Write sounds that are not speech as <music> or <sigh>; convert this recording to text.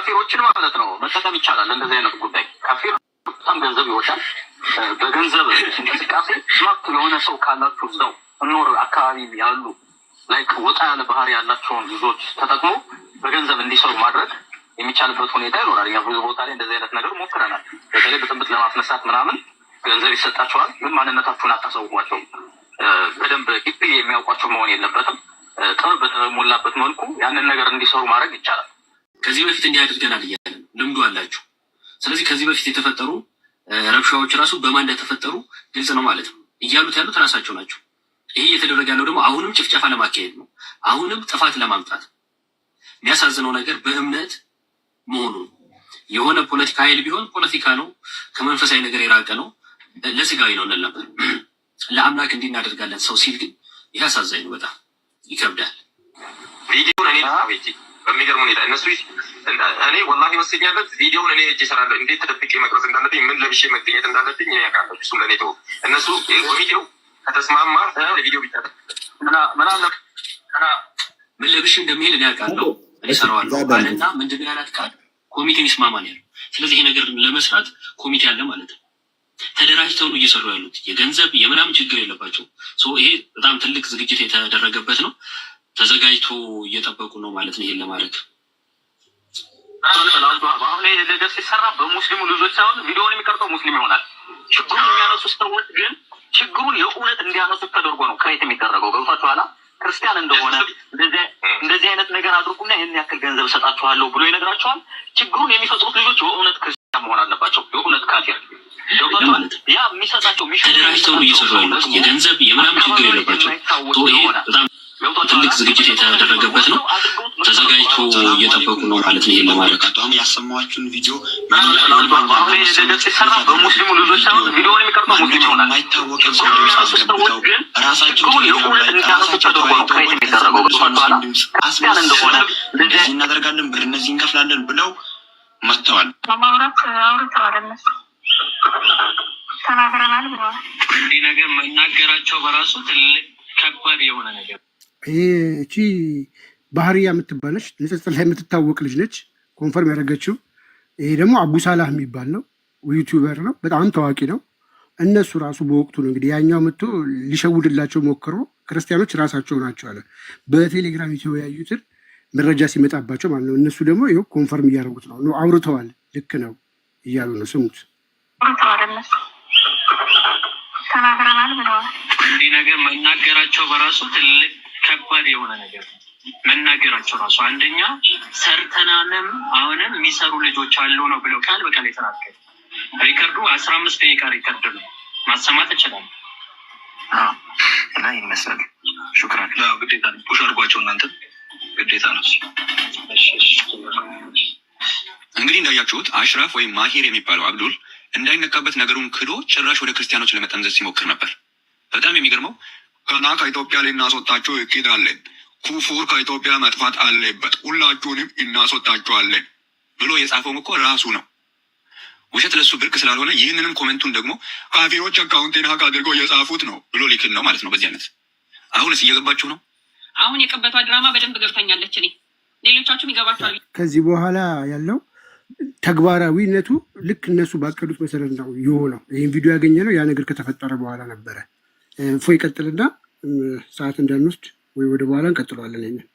ከፊሮችን ማለት ነው መጠቀም ይቻላል። እንደዚህ አይነት ጉዳይ ካፌር በጣም ገንዘብ ይወዳል። በገንዘብ እንቅስቃሴ ስማርት የሆነ ሰው ካላችሁ እዛው እኖር አካባቢ ያሉ ላይክ ወጣ ያለ ባህሪ ያላቸውን ልጆች ተጠቅሞ በገንዘብ እንዲሰሩ ማድረግ የሚቻልበት ሁኔታ ይኖራል። እኛ ብዙ ቦታ ላይ እንደዚህ አይነት ነገር ሞክረናል። በተለይ ብጥብጥ ለማስነሳት ምናምን ገንዘብ ይሰጣቸዋል፣ ግን ማንነታችሁን አታሳውቋቸው። በደንብ ግቢ የሚያውቋቸው መሆን የለበትም። ጥበብ በተሞላበት መልኩ ያንን ነገር እንዲሰሩ ማድረግ ይቻላል። ከዚህ በፊት እንዲህ አድርገናል እያለ ልምዱ አላችሁ። ስለዚህ ከዚህ በፊት የተፈጠሩ ረብሻዎች ራሱ በማን እንደተፈጠሩ ግልጽ ነው ማለት ነው። እያሉት ያሉት ራሳቸው ናቸው። ይሄ እየተደረገ ያለው ደግሞ አሁንም ጭፍጨፋ ለማካሄድ ነው። አሁንም ጥፋት ለማምጣት የሚያሳዝነው ነገር በእምነት መሆኑ የሆነ ፖለቲካ ኃይል ቢሆን ፖለቲካ ነው፣ ከመንፈሳዊ ነገር የራቀ ነው፣ ለስጋዊ ነው እንል ነበር። <clears throat> ለአምላክ እንዲህ እናደርጋለን ሰው ሲል ግን ይህ አሳዛኝ ነው። በጣም ይከብዳል። በሚገርም ሁኔታ እነሱ እኔ ወላሂ ይመስለኛለት ቪዲዮውን እኔ እጅ እሰራለሁ። እንዴት ተደብቄ መቅረጽ እንዳለብኝ፣ ምን ለብሼ መገኘት እንዳለብኝ እኔ ያውቃለሁ። እሱም ለእኔ ተወው። እነሱ ኮሚቴው ከተስማማ ለቪዲዮ ብቻ ምን ለብሼ እንደሚሄድ እኔ ያውቃለሁ። እኔ እሰራዋለሁ ምንድን ያላት ቃል ኮሚቴው ይስማማል ያለ። ስለዚህ ይሄ ነገር ለመስራት ኮሚቴ አለ ማለት ነው። ተደራጅተው ነው እየሰሩ ያሉት። የገንዘብ የምናምን ችግር የለባቸው። ይሄ በጣም ትልቅ ዝግጅት የተደረገበት ነው። ተዘጋጅቶ እየጠበቁ ነው ማለት ነው። ይሄን ለማድረግ አሁን ነገር ሲሰራ በሙስሊሙ ልጆች ሳይሆን ቪዲዮውን የሚቀርጠው ሙስሊም ይሆናል። ችግሩን የሚያነሱ ሰዎች ግን ችግሩን የእውነት እንዲያነሱ ተደርጎ ነው ክሬት የሚደረገው። ገብቷችሁ ኋላ ክርስቲያን እንደሆነ እንደዚህ አይነት ነገር አድርጉና ይህን ያክል ገንዘብ እሰጣችኋለሁ ብሎ ይነግራቸዋል። ችግሩን የሚፈጥሩት ልጆች የእውነት ክርስቲያን መሆን አለባቸው። የእውነት ካፊር ያ የሚሰጣቸው የሚሸ ተደራጅተው ነው እየሰሩ ያሉት የገንዘብ የምናምን ችግር የለባቸው። ይሆናል ትልቅ ዝግጅት የተደረገበት ነው። ተዘጋጅቶ እየጠበቁ ነው ማለት ነው። ይሄን ለማድረግ አቋም ያሰማችሁን ቪዲዮ በሙስሊሙ እናደርጋለን፣ ብር እነዚህ እንከፍላለን ብለው መጥተዋል። ማውራት ተናግረናል ብለዋል። እንዲህ ነገር መናገራቸው በራሱ ትልቅ ከባድ የሆነ ነገር ይቺ ባህርያ የምትባለች ንጽጽር ላይ የምትታወቅ ልጅ ነች። ኮንፈርም ያደረገችው ይሄ ደግሞ አቡሳላህ የሚባል ነው፣ ዩቲዩበር ነው፣ በጣም ታዋቂ ነው። እነሱ ራሱ በወቅቱ ነው እንግዲህ ያኛው መጥቶ ሊሸውድላቸው ሞክሮ ክርስቲያኖች ራሳቸው ናቸው አለ በቴሌግራም የተወያዩትን መረጃ ሲመጣባቸው ማለት ነው። እነሱ ደግሞ ይ ኮንፈርም እያደረጉት ነው ነው አውርተዋል፣ ልክ ነው እያሉ ነው። ስሙት ተናግረናል ብለዋል። እንዲህ ነገር መናገራቸው በራሱ ትልቅ ከባድ የሆነ ነገር መናገራቸው ራሱ አንደኛ ሰርተናንም አሁንም የሚሰሩ ልጆች አሉ ነው ብለው ቃል በቃል የተናገሩ። ሪከርዱ አስራ አምስት ደቂቃ ሪከርድ ነው ማሰማት ይችላል እና ይመስላል። ሹክራን ግዴታ ነው ሽ አድርጓቸው እናንተ ግዴታ ነው። እንግዲህ እንዳያችሁት አሽራፍ ወይም ማሄር የሚባለው አብዱል እንዳይነካበት ነገሩን ክዶ ጭራሽ ወደ ክርስቲያኖች ለመጠምዘዝ ሲሞክር ነበር። በጣም የሚገርመው ከና ከኢትዮጵያ ልናስወጣቸው እቅዳለን። ኩፉር ከኢትዮጵያ መጥፋት አለበት፣ ሁላችሁንም እናስወጣቸዋለን ብሎ የጻፈውም እኮ ራሱ ነው። ውሸት ለሱ ብርቅ ስላልሆነ ይህንንም ኮመንቱን ደግሞ ካፊሮች አካውንቴን ሀቅ አድርገው የጻፉት ነው ብሎ ሊክን ነው ማለት ነው። በዚህ አይነት አሁንስ እየገባችሁ ነው። አሁን የቀበቷ ድራማ በደንብ ገብታኛለች እኔ፣ ሌሎቻችሁም ይገባችኋል። ከዚህ በኋላ ያለው ተግባራዊነቱ ልክ እነሱ ባቀዱት መሰረት ነው የሆነው። ይህን ቪዲዮ ያገኘ ነው ያ ነገር ከተፈጠረ በኋላ ነበረ። እፎ ይቀጥልና ሰዓት እንዳንወስድ ወይ ወደ በኋላ እንቀጥለዋለን ይኛል